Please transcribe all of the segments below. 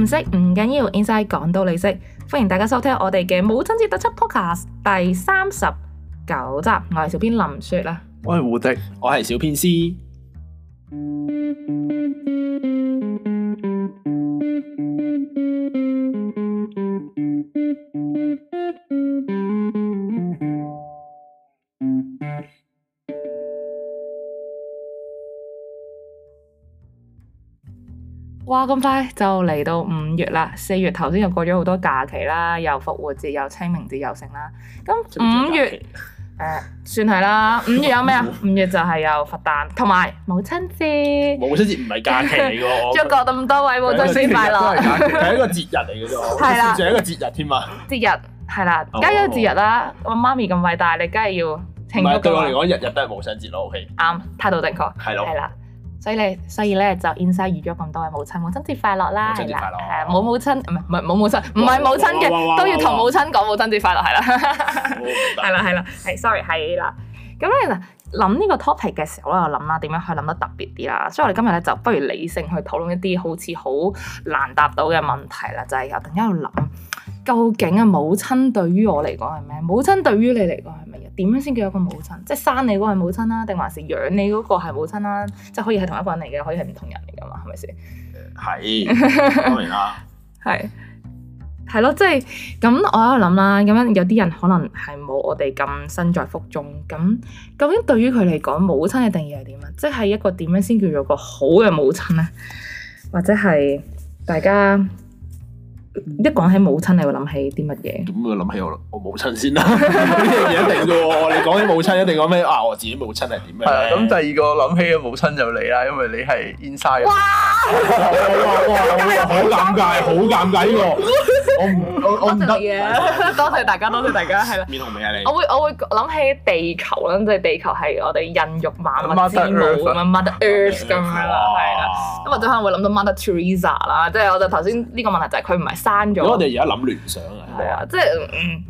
唔識唔緊要，Inside 講到你識。歡迎大家收聽我哋嘅母親節特輯 Podcast 第三十九集，我係小編林雪啦，我係胡迪，我係小編 C。哇！咁快就嚟到五月啦，四月頭先又過咗好多假期啦，又復活節，又清明節，又剩啦。咁五月誒，算係啦。五月有咩啊？五月就係有佛誕，同埋母親節。母親節唔係假期嚟噶，我一咁多位喎，就先快樂咯。係一個節日嚟嘅啫，係啦，仲係一個節日添嘛？節日係啦，而家有節日啦。我媽咪咁偉大，你梗係要慶祝。唔係，對我嚟講，日日都係母親節咯。O K。啱，態度正確。係咯。係啦。所以咧，所以咧就 in 曬預咗咁多嘅母親母親節快樂啦！母親節快樂。冇啦母親親，唔係唔係冇母親親，唔係母親嘅，哇哇哇哇都要同母親講母親節快樂，係啦，係啦，係啦，係。Sorry，係啦。咁咧嗱，諗呢個 topic 嘅時候咧，我諗啦，點樣去以諗得特別啲啦？所以我哋今日咧就不如理性去討論一啲好似好難答到嘅問題啦，就係、是、有陣間喺度諗。究竟啊，母親對於我嚟講係咩？母親對於你嚟講係咩嘢？點樣先叫一個母親？即係生你嗰個係母親啦、啊，定還是養你嗰個係母親啦、啊？即係可以係同一個人嚟嘅，可以係唔同人嚟噶嘛？係咪先？係當然啦。係係咯，即係咁，我喺度諗啦。咁樣有啲人可能係冇我哋咁身在福中，咁究竟對於佢嚟講，母親嘅定義係點啊？即、就、係、是、一個點樣先叫做個好嘅母親呢？或者係大家？一講起母親，你會諗起啲乜嘢？咁我諗起我我母親先啦，呢樣嘢一定嘅。你講起母親，一定講咩啊？我自己母親係點嘅？咁第二個諗起嘅母親就你啦，因為你係 i n s i d e 哇，好尷尬，好尷尬呢個，我唔我唔得嘢！多謝大家，多謝大家，係啦。面紅未啊你？我會我會諗起地球啦，即係地球係我哋孕育萬物之母，咁樣 Mother Earth 咁樣啦，係啦。咁或者可能會諗到 Mother Teresa 啦，即係我就頭先呢個問題就係佢唔係。刪咗。我哋而家諗聯想啊，啊，即係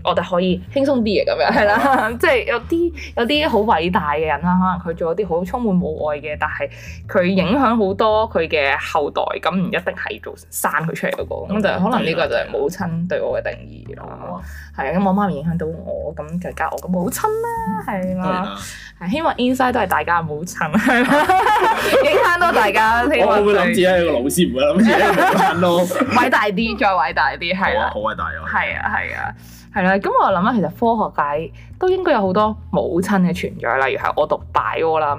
我哋可以輕鬆啲嘅咁樣，係啦，即係有啲有啲好偉大嘅人啦，可能佢做啲好充滿母愛嘅，但係佢影響好多佢嘅後代，咁唔一定係做生佢出嚟嗰個，咁就可能呢個就係母親對我嘅定義咯。係啊，咁我媽咪影響到我，咁就教我嘅母親啦，係嘛，係希望 inside 都係大家嘅母親，係影響到大家。我會諗住係一個老師，唔會諗住係母親咯，偉大啲。偉大啲係啊，好偉大啊，係啊係啊。係啦，咁我又諗其實科學界都應該有好多母親嘅存在，例如係我讀大二啦，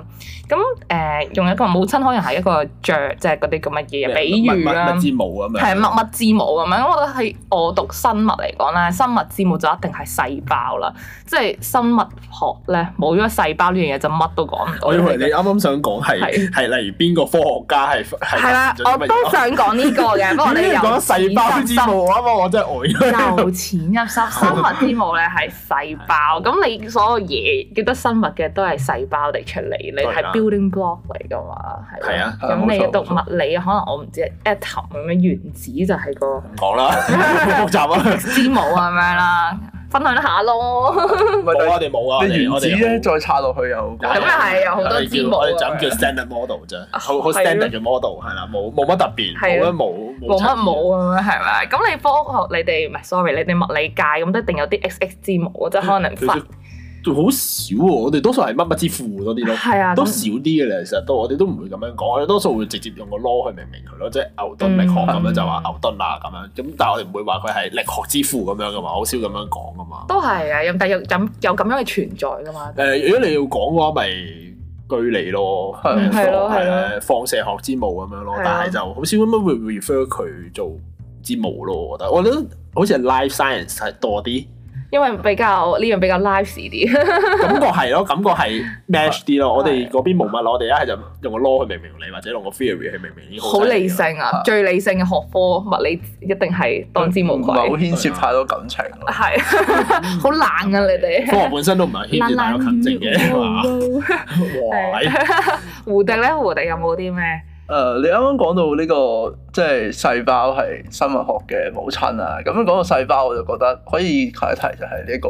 咁、嗯、誒用一個母親，可能係一個著即係嗰啲咁嘅嘢，比如啦，係物物之母咁樣，係物物之母咁樣。我覺得係我讀生物嚟講咧，生物之母就一定係細胞啦，即係生物學咧，冇咗細胞呢樣嘢就乜都講唔到。我以為你啱啱想講係係例如邊個科學家係係啦，我都想講呢個嘅，不過你又講細胞之母，我覺得我真係呆咗。由 生物之母咧係細胞，咁你所有嘢記得生物嘅都係細胞嚟出嚟，你係 building block 嚟㗎嘛？係啊，咁你讀物理可能我唔知 atom 咁樣，原子就係個講啦，複雜啊，之母咁樣啦。分享下咯，我哋冇啊，跟住原子咧再插落去又，係咪係有好多字母我哋就咁叫 standard model 啫，好好 standard 嘅 model 係啦，冇冇乜特別，冇乜冇冇乜冇咁樣係咪？咁你科學你哋唔係 sorry，你哋物理界咁都一定有啲 X X 字母，即係可能發。仲好少喎、哦，我哋多數係乜乜之父多啲咯，啊、都少啲嘅咧。其實我都我哋都唔會咁樣講，多數會直接用個「law」去命名佢咯，即係牛頓力學咁樣就話、嗯、牛頓啦、啊、咁樣。咁但係我哋唔會話佢係力學之父咁樣噶嘛，好少咁樣講噶嘛。都係啊，但係有咁樣嘅存在噶嘛。誒、嗯，如果你要講嘅話，咪「居里」咯，係咯係放射學之母咁樣咯。啊、但係就好少咁樣會 refer 佢做之母咯。我覺得我覺得好似係 life science 係多啲。因為比較呢樣比較 live 啲，感覺係咯，感覺係 match 啲咯。我哋嗰邊冇乜，我哋一係就用個 law 去明明你，或者用個 theory 去明明呢個。好理性啊，最理性嘅學科物理一定係當之無愧。唔好牽涉太多感情。係，好冷啊你哋。不過本身都唔係牽涉太多感情嘅，係嘛？哇！胡迪咧，胡迪有冇啲咩？誒，uh, 你啱啱講到呢、這個即係細胞係生物學嘅母親啊，咁樣講到細胞我就覺得可以提一提就係呢個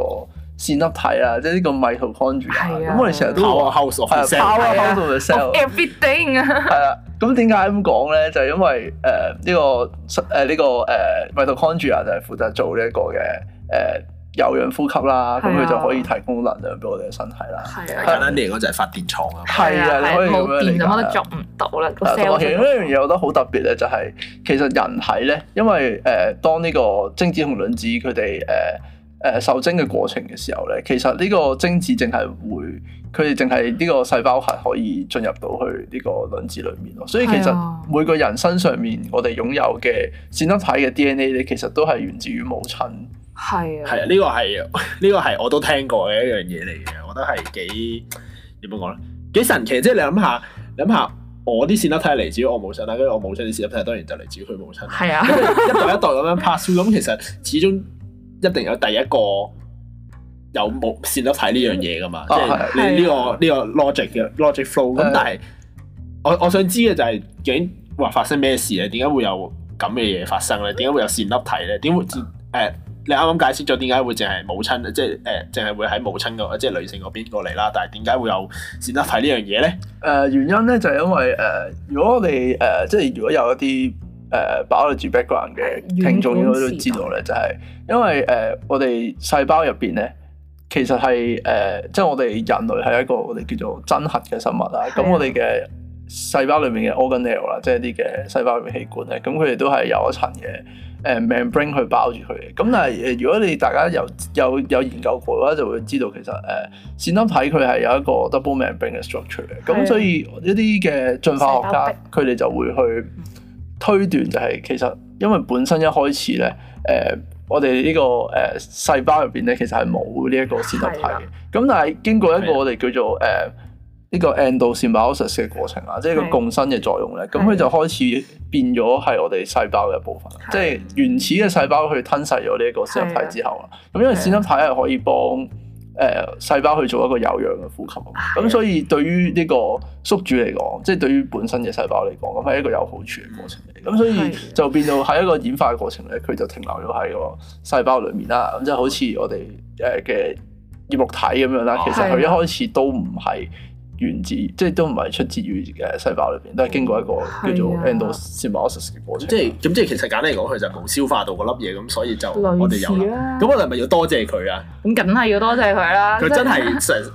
線粒體啦、啊，即係呢個 mitochondria。係啊。咁我哋成日都 powerhouse 啊，powerhouse of the cell。Everything 啊。係都啊。咁點解咁講咧？就係、是、因為誒呢、uh, 這個誒呢、uh, 這個誒 mitochondria、uh, 就係負責做呢、這、一個嘅誒。Uh, 有氧呼吸啦，咁佢就可以提供能量俾我哋嘅身體啦。係啊，簡單啲嚟講就係發電廠啊。係啊，冇電啊，我都做唔到啦。咁其實呢樣嘢我覺得好特別咧，就係其實人體咧，因為誒當呢個精子同卵子佢哋誒誒受精嘅過程嘅時候咧，其實呢個精子淨係會佢哋淨係呢個細胞核可以進入到去呢個卵子裡面咯。所以其實每個人身上面我哋擁有嘅線粒體嘅 DNA 咧，其實都係源自於母親。係啊，係、這、啊、個，呢、這個係呢個係我都聽過嘅一樣嘢嚟嘅，我覺得係幾點講咧？幾神奇！即係你諗下，諗下我啲線粒體嚟自於我母親啦，跟住我母親啲線粒體當然就嚟自佢母親。係是啊，一代一代咁樣 pass through，咁其實始終一定有第一個有冇線粒體呢樣嘢噶嘛？即係、 哦啊、你呢、啊這個呢、這個 logic 嘅 logic flow、啊。咁但係我我想知嘅就係、是，究竟話發生咩事咧？點解會有咁嘅嘢發生咧？點解會有線粒體咧？點會誒？ 你啱啱解釋咗點解會淨係母親，即係誒，淨、呃、係會喺母親嗰即係女性嗰邊過嚟啦。但係點解會有線粒體呢樣嘢咧？誒、呃，原因咧就係、是、因為誒、呃，如果我哋誒、呃、即係如果有一啲誒 biology background 嘅聽眾應該都知道咧，就係因為誒、呃、我哋細胞入邊咧，其實係誒、呃、即係我哋人類係一個我哋叫做真核嘅生物啊。咁的我哋嘅細胞裏面嘅 organelle 啦，即係一啲嘅細胞裏面器官咧，咁佢哋都係有一層嘅誒 membrane 去包住佢嘅。咁但係如果你大家有有有研究過嘅話，就會知道其實誒、呃、線粒體佢係有一個 double membrane 嘅 structure 嘅的。咁所以一啲嘅進化學家佢哋就會去推斷，就係其實因為本身一開始咧，誒、呃、我哋呢、這個誒、呃、細胞入邊咧，其實係冇呢一個線粒體嘅。咁的但係經過一個我哋叫做誒。的呢個 endosymbiosis 嘅過程啊，即係個共生嘅作用咧，咁佢是的 就開始變咗係我哋細胞嘅一部分，是的 即係原始嘅細胞去吞噬咗呢一個線粒體之後啦。咁是的 因為線粒體係可以幫誒細胞去做一個有氧嘅呼吸，咁是的 所以對於呢個宿主嚟講，即係對於本身嘅細胞嚟講，咁係一個有好處嘅過程嚟。咁是的 所以就變到喺一個演化嘅過程咧，佢就停留咗喺個細胞裡面啦。咁即係好似我哋誒嘅葉綠體咁樣啦。其實佢一開始都唔係。原子即係、就是、都唔係出自於嘅細胞裏邊，都係經過一個叫做 endosymbiosis 嘅過程。即係咁，即係其實簡單嚟講，佢就冇消化到嗰粒嘢，咁所以就我哋有啦。咁我哋咪要多謝佢啊！咁梗係要多謝佢啦、啊。佢真係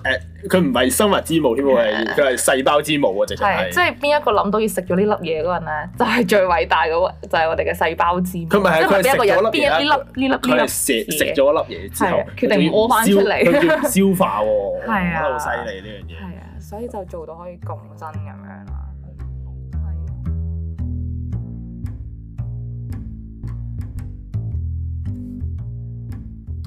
佢唔係生物之母添喎，佢係細胞之母啊。直情係。即係邊一個諗到要食咗呢粒嘢嗰人咧，就係、是、最偉大嘅，就係、是、我哋嘅細胞之母。佢咪係佢係一個人，粒？呢粒呢粒？佢係食咗粒嘢之後， 決定屙翻嚟。消，消化喎，係啊，好犀利呢樣嘢。所以就做到可以共真咁樣啦。的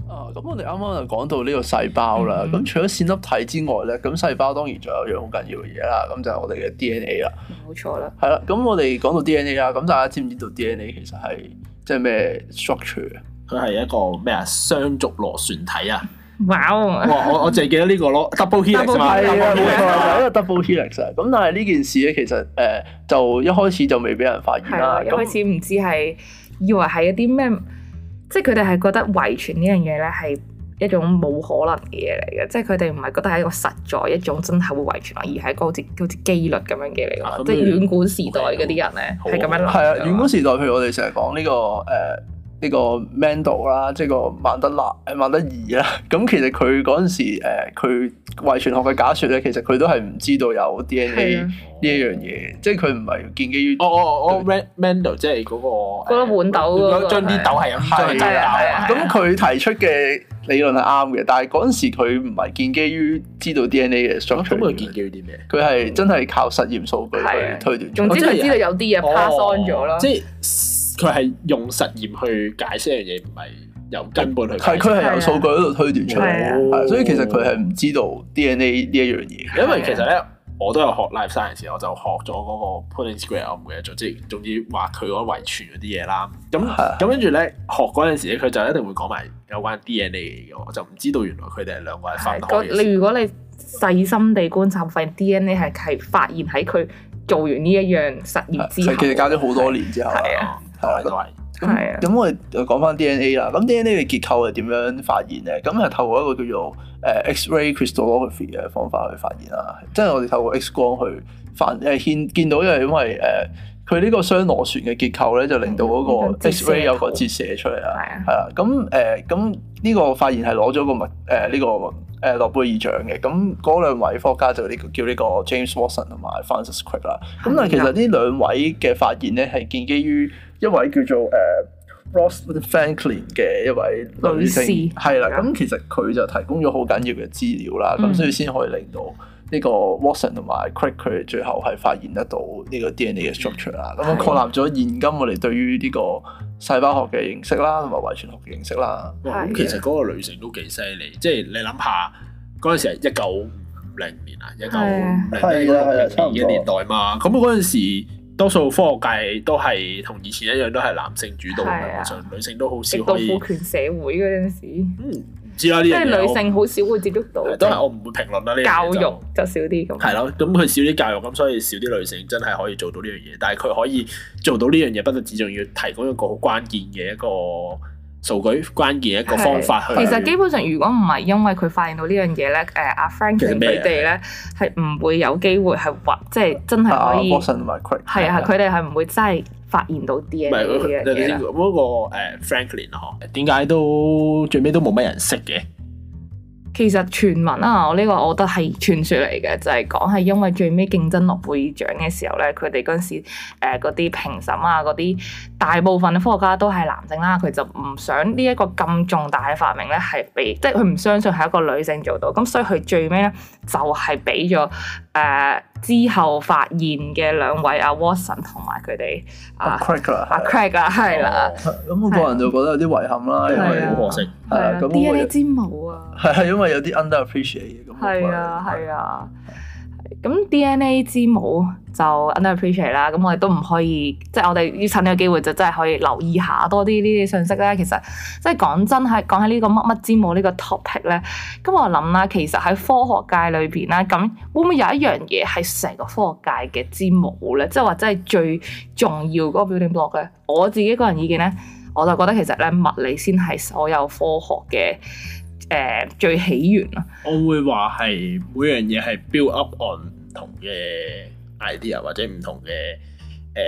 的啊，咁我哋啱啱就講到呢個細胞啦。咁、嗯嗯、除咗線粒體之外咧，咁細胞當然仲有一樣好緊要嘅嘢啦。咁就係我哋嘅 DNA 啦。冇錯啦。係啦，咁我哋講到 DNA 啦，咁大家知唔知道 DNA 其實係即係、就、咩、是、structure？佢係一個咩啊？雙軸螺旋體啊？哇！我我淨係記得呢個咯，double helix 啊，係啊，冇錯，就係一個 double helix 啊。咁但係呢件事咧，其實誒就一開始就未俾人發現啦。一開始唔知係以為係一啲咩，即係佢哋係覺得遺傳呢樣嘢咧係一種冇可能嘅嘢嚟嘅，即係佢哋唔係覺得係一個實在一種真係會遺傳，而係一個好似好似機率咁樣嘅嚟咯。即係遠古時代嗰啲人咧係咁樣，係啊，遠古時代譬如我哋成日講呢個誒。呢個 Mendel 啦，即係個孟德立、孟德爾啦。咁其實佢嗰陣時，佢遺傳學嘅假説咧，其實佢都係唔知道有 DNA 呢一樣嘢，即係佢唔係建基於。哦哦哦，Mendel 即係嗰個嗰個豌豆嗰個，將啲豆係咁將。係咁佢提出嘅理論係啱嘅，但係嗰陣時佢唔係建基於知道 DNA 嘅，想咁佢建基於啲咩？佢係真係靠實驗數據去推斷。總之係知道有啲嘢 pass on 咗啦。即係。佢係用實驗去解釋一樣嘢，唔係由根本去解、嗯。係佢係由數據喺度推斷出嚟、啊，所以其實佢係唔知道 DNA 呢一樣嘢。啊、因為其實咧，我都有學 life science 我就學咗嗰個 Punnett square，我唔記得咗，即係總之話佢嗰遺傳嗰啲嘢啦。咁咁、啊、跟住咧，學嗰陣時佢就一定會講埋有關 DNA 嘅我就唔知道原來佢哋係兩個係分開你如果你細心地觀察發現 DNA 係係發現喺佢做完呢一樣實驗之後，啊、其實隔咗好多年之後。係，咁我哋講翻 DNA 啦。咁 DNA 嘅結構係點樣發現咧？咁係透過一個叫做誒 X-ray crystallography 嘅方法去發現啦。即係我哋透過 X 光去發，係見見到，因為因為誒佢呢個雙螺旋嘅結構咧，就令到嗰個 X-ray 有個折射出嚟啦。係啊、嗯，咁誒咁呢個發現係攞咗個物誒呢個誒、呃、諾貝爾獎嘅。咁嗰兩位科學家就叫呢、呢個、個 James Watson 同埋 Francis Crick 啦。咁但係其實呢兩位嘅發現咧係建基於。一位叫做誒、uh, Rosie Franklin 嘅一位女性係啦，咁士其實佢就提供咗好緊要嘅資料啦，咁、嗯、所以先可以令到呢個 Watson 同埋 Crick 佢最後係發現得到呢個 DNA 嘅 structure 啦、嗯，咁樣確立咗現今我哋對於呢個細胞學嘅認識啦，同埋遺傳學嘅認識啦。咁的其實嗰個旅程都幾犀利，即係你諗下嗰陣時係一九五零年啊，年的一九五零、五零年代嘛，咁嗰陣時。多數科學界都係同以前一樣，都係男性主導嘅，上、啊、女性都好少可以。逆父權社會嗰陣時，嗯，唔知啦。呢啲即係女性好少會接觸到。就是、都係我唔會評論啦。呢教育就少啲咁。係咯，咁佢少啲教育，咁所以少啲女性真係可以做到呢樣嘢。但係佢可以做到呢樣嘢，不但止，仲要提供一個好關鍵嘅一個。數據關鍵一個方法去。其實基本上，如果唔係因為佢發現到、啊、呢樣嘢咧，誒阿 Franklin 佢哋咧係唔會有機會係或即係真係可以。係啊佢哋係唔會真係發現到啲嘢是。唔係嗰個 Franklin 嗬，點、啊、解、啊、都最尾都冇乜人識嘅？其實傳聞啊，我呢個我覺得係傳説嚟嘅，就係、是、講係因為最尾競爭諾貝爾獎嘅時候咧，佢哋嗰時誒嗰啲評審啊嗰啲大部分嘅科學家都係男性啦、啊，佢就唔想呢一個咁重大嘅發明咧係俾，即係佢唔相信係一個女性做到，咁所以佢最尾咧就係俾咗。誒之後發現嘅兩位阿 Watson 同埋佢哋啊，啊 Craig 啊，係啦，咁我個人就覺得有啲遺憾啦，因為好可惜，係啊，咁 DNA 之母啊，係係因為有啲 underappreciate 咁，係啊係啊。咁 DNA 之母就 underappreciate 啦，咁我哋都唔可以，即係我哋要趁呢個機會就真係可以留意下多啲呢啲信息啦。其實即係講真係講起呢個乜乜之母呢個 topic 咧，咁我諗啦，其實喺科學界裏邊咧，咁會唔會有一樣嘢係成個科學界嘅之母咧？即係話真係最重要嗰個 building block 咧？我自己個人意見咧，我就覺得其實咧物理先係所有科學嘅。誒最起源咯，我會話係每樣嘢係 build up on 唔同嘅 idea 或者唔同嘅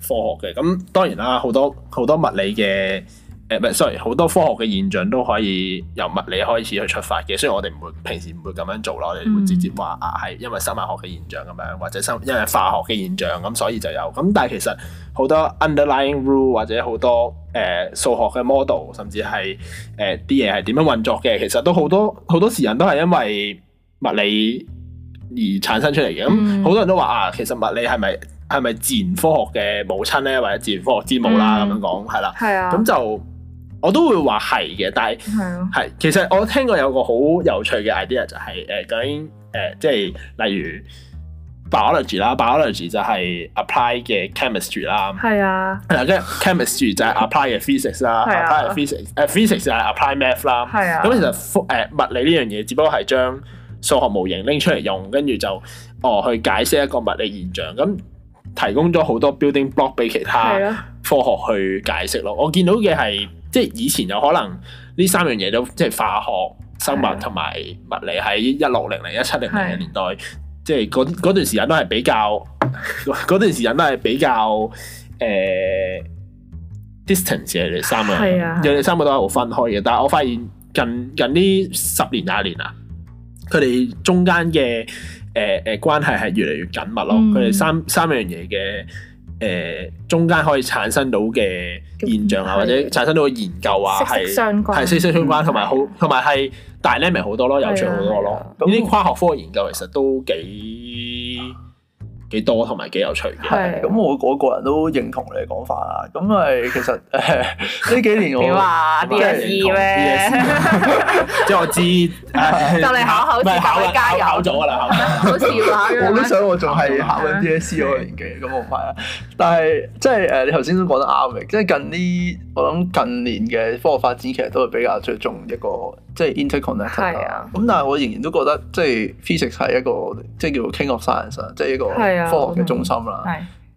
誒誒科學嘅，咁當然啦，好多好多物理嘅。誒唔係，uh, sorry，好多科學嘅現象都可以由物理開始去出發嘅。雖然我哋唔會平時唔會咁樣做咯，我哋會直接話啊，係因為生物學嘅現象咁樣，或者生因為化學嘅現象咁，所以就有咁。但係其實好多 underlying rule 或者好多誒、呃、數學嘅 model，甚至係誒啲嘢係點樣運作嘅，其實都好多好多時人都係因為物理而產生出嚟嘅。咁好多人都話啊，其實物理係咪係咪自然科學嘅母親咧，或者自然科學之母啦嗯、咁樣講係啦。係啊，咁就。我都會話係嘅，但係係、啊、其實我聽過有個好有趣嘅 idea 就係誒究竟誒即係例如 biology 啦，biology 就係 apply 嘅 chemistry 啦，係啊，係啦，chemistry 就係 apply 嘅 physics 啦，係啊，physics 誒 physics 就係 apply math 啦，係啊，咁、啊啊、其實誒、呃、物理呢樣嘢只不過係將數學模型拎出嚟用，跟住就哦去解釋一個物理現象，咁提供咗好多 building block 俾其他科學去解釋咯。啊、我見到嘅係。即係以前有可能呢三樣嘢都，即係化學、生物同埋物理喺一六零零一七零零年代，是的 即係嗰段時間都係比較嗰 段時間都係比較誒、呃、distance 嘅三樣，兩樣是的 三樣都係好分開嘅。但係我發現近近呢十年廿年啊，佢哋中間嘅誒誒關係係越嚟越緊密咯。佢哋、嗯、三三樣嘢嘅。誒中間可以產生到嘅現象啊，或者產生到嘅研究啊，係係息息相關，同埋好同埋係大 level 好多咯，有趣好多咯。咁呢啲跨學科嘅研究其實都幾～幾多同埋幾有趣嘅，咁我我個人都認同你嘅講法啦。咁係其實誒呢、欸、幾年我年， 你話即係認同咩？ 即係我知，就、哎、你考考試，加油！考咗啦， 好似話。本想我仲係考緊 DSE 嗰年紀，咁的我唔係啦。但係即係誒，你頭先都講得啱嘅。即係近呢，我諗近年嘅科學發展其實都係比較着重一個。即係 interconnected 係啊，咁但係我仍然都覺得即係 physics 係一個即係叫 King of Science，即係一個科學嘅中心啦。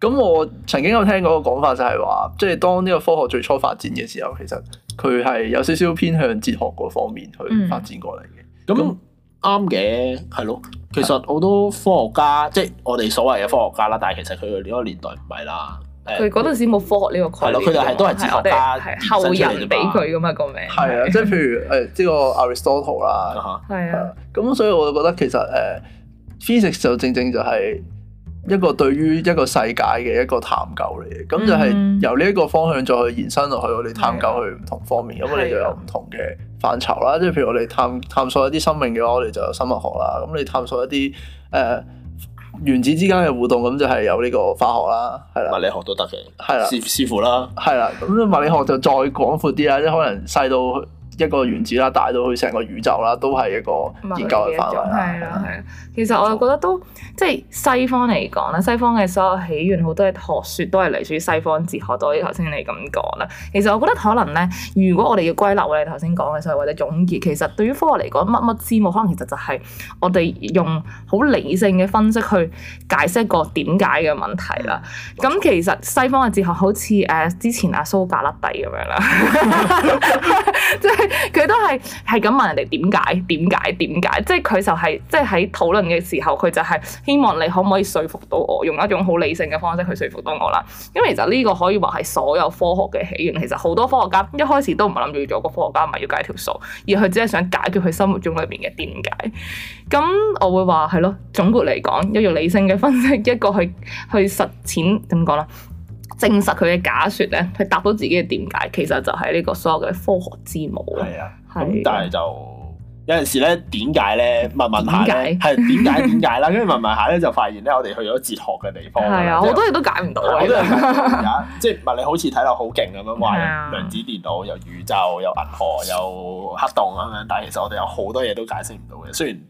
咁、啊、我曾經有聽過個講法就係話，即係當呢個科學最初發展嘅時候，其實佢係有少少偏向哲學嗰方面去發展過嚟嘅。咁啱嘅，係咯那那。其實好多科學家，即係我哋所謂嘅科學家啦，但係其實佢哋呢個年代唔係啦。佢嗰陣時冇科學呢個概念了，咯是，佢哋係都係哲學家係後人俾佢噶嘛個名，係、哎 uh huh. 啊，即係譬如誒，呢個 Aristotle 啦，係啊，咁所以我就覺得其實誒、呃、physics 就正正就係一個對於一個世界嘅一個探究嚟嘅，咁就係由呢一個方向再去延伸落去，我哋探究去唔同方面，咁、mm hmm. 我哋就有唔同嘅範,、uh huh. 範疇啦。即係譬如我哋探探索一啲生命嘅話，我哋就有生物學啦。咁你探索一啲誒。呃原子之間嘅互動，咁就係有呢個化學啦，係啦，物理學都得嘅，係啦，師師傅啦，係啦，咁物理學就再廣闊啲啦，即係可能細到。一個原子啦，大到去成個宇宙啦，都係一個研究嘅範圍啦。係啊係啊，其實我覺得都即係西方嚟講啦，西方嘅所有起源好多嘅學説都係嚟自於西方哲學。我啲頭先你咁講啦，其實我覺得可能咧，如果我哋要歸納我哋頭先講嘅所謂或者總結，其實對於科學嚟講，乜乜之物，可能其實就係我哋用好理性嘅分析去解釋一個點解嘅問題啦。咁錯其實西方嘅哲學好似誒、啊、之前阿、啊、蘇格拉底咁樣啦，即係。佢都係係咁問人哋點解點解點解，即係佢就係、是、即係喺討論嘅時候，佢就係希望你可唔可以說服到我，用一種好理性嘅方式去說服到我啦。因為其實呢個可以話係所有科學嘅起源。其實好多科學家一開始都唔係諗住要做個科學家，唔、就、係、是、要計條數，而佢只係想解決佢心目中裏邊嘅點解。咁我會話係咯，總括嚟講，一個理性嘅分析，一個去去實踐，點講啦？證實佢嘅假説咧，去答到自己嘅點解，其實就係呢個所有嘅科學之母啊！啊是，咁但係就有陣時咧，點解咧？問問下咧，係點解？點解啦？跟住 問問下咧，就發現咧，我哋去咗哲學嘅地方。係啊，好多嘢都解唔到。 即係物理好似睇落好勁咁樣，話 量子電腦、有宇宙、有銀河、有黑洞咁樣，但係其實我哋有好多嘢都解釋唔到嘅。雖然誒、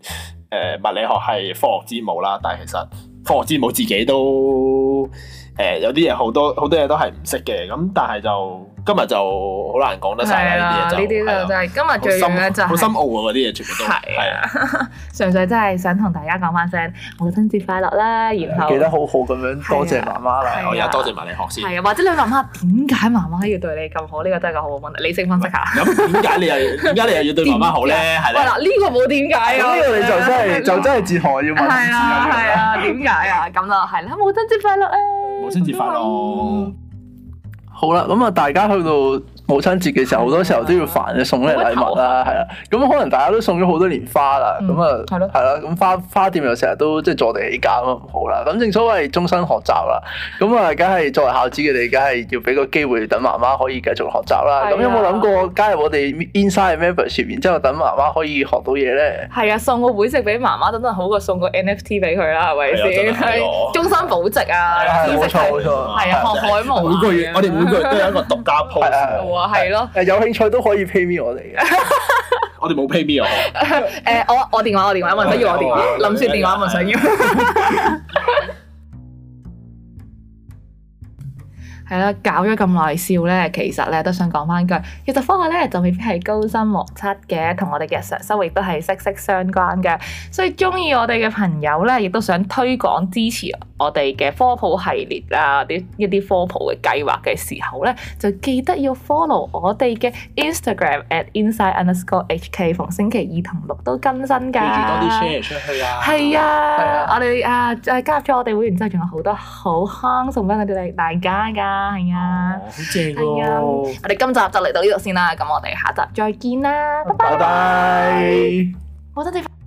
呃、物理學係科學之母啦，但係其實科學之母自己都。誒有啲嘢好多好多嘢都係唔識嘅，咁但係就今日就好難講得晒啦，呢啲就係今日最好深奧啊，嗰啲嘢全部都係啊，純粹真係想同大家講返聲母親節快樂啦，然後記得好好咁樣多謝媽媽啦，我而家多謝埋你學先。係啊，或者你媽媽點解媽媽要對你咁好？呢個真係個好問題。你性分析下？咁點解你又要點解你又要對媽媽好咧？係啦，呢個冇點解喎，呢個你就真係就真係哲學要問。係啊係啊，點解啊，咁啦，係啦，母親節快樂啊！我先至發咯。 好啦，咁啊，大家去到、嗰個。母親節嘅時候，好多時候都要煩嘅送咩禮物啦，係啊，咁可能大家都送咗好多年花啦，咁啊，係咯，係啦，咁花花店又成日都即係坐地起價咁啊，唔好啦，咁正所謂終身學習啦，咁啊，梗係作為孝子嘅你，梗係要俾個機會等媽媽可以繼續學習啦，咁有冇諗過加入我哋 Inside Membership，然之後等媽媽可以學到嘢咧？係啊，送個會籍俾媽媽，真真好過送個 NFT 俾佢啦，係咪先？終身保值啊！冇錯冇錯，係啊，學海無涯啊！每個月我哋每個月都有一個獨家鋪。係咯，有興趣都可以 pay me 我哋嘅，我哋冇 pay me 我、 uh,。誒，我我電話我電話問，想要我電話， 林雪電話問想要。係啦，搞咗咁耐笑咧，其實咧都想講翻句，其實科學咧就未必係高深莫測嘅，同我哋嘅日常生活亦都係息息相關嘅。所以鍾意我哋嘅朋友咧，亦都想推廣支持我哋嘅科普系列啊，啲一啲科普嘅計劃嘅時候咧，就記得要 follow 我哋嘅 Instagram at insight_hk，d e a 逢星期二同六都更新㗎。你哋多啲 share 出去啊！係 啊，啊啊我哋啊加入咗我哋會員之後，仲有好多好康送翻俾你大家㗎。係啊，好正啊。我哋今集就嚟到呢度先啦，咁我哋下集再見啦，拜拜！拜拜！我地方。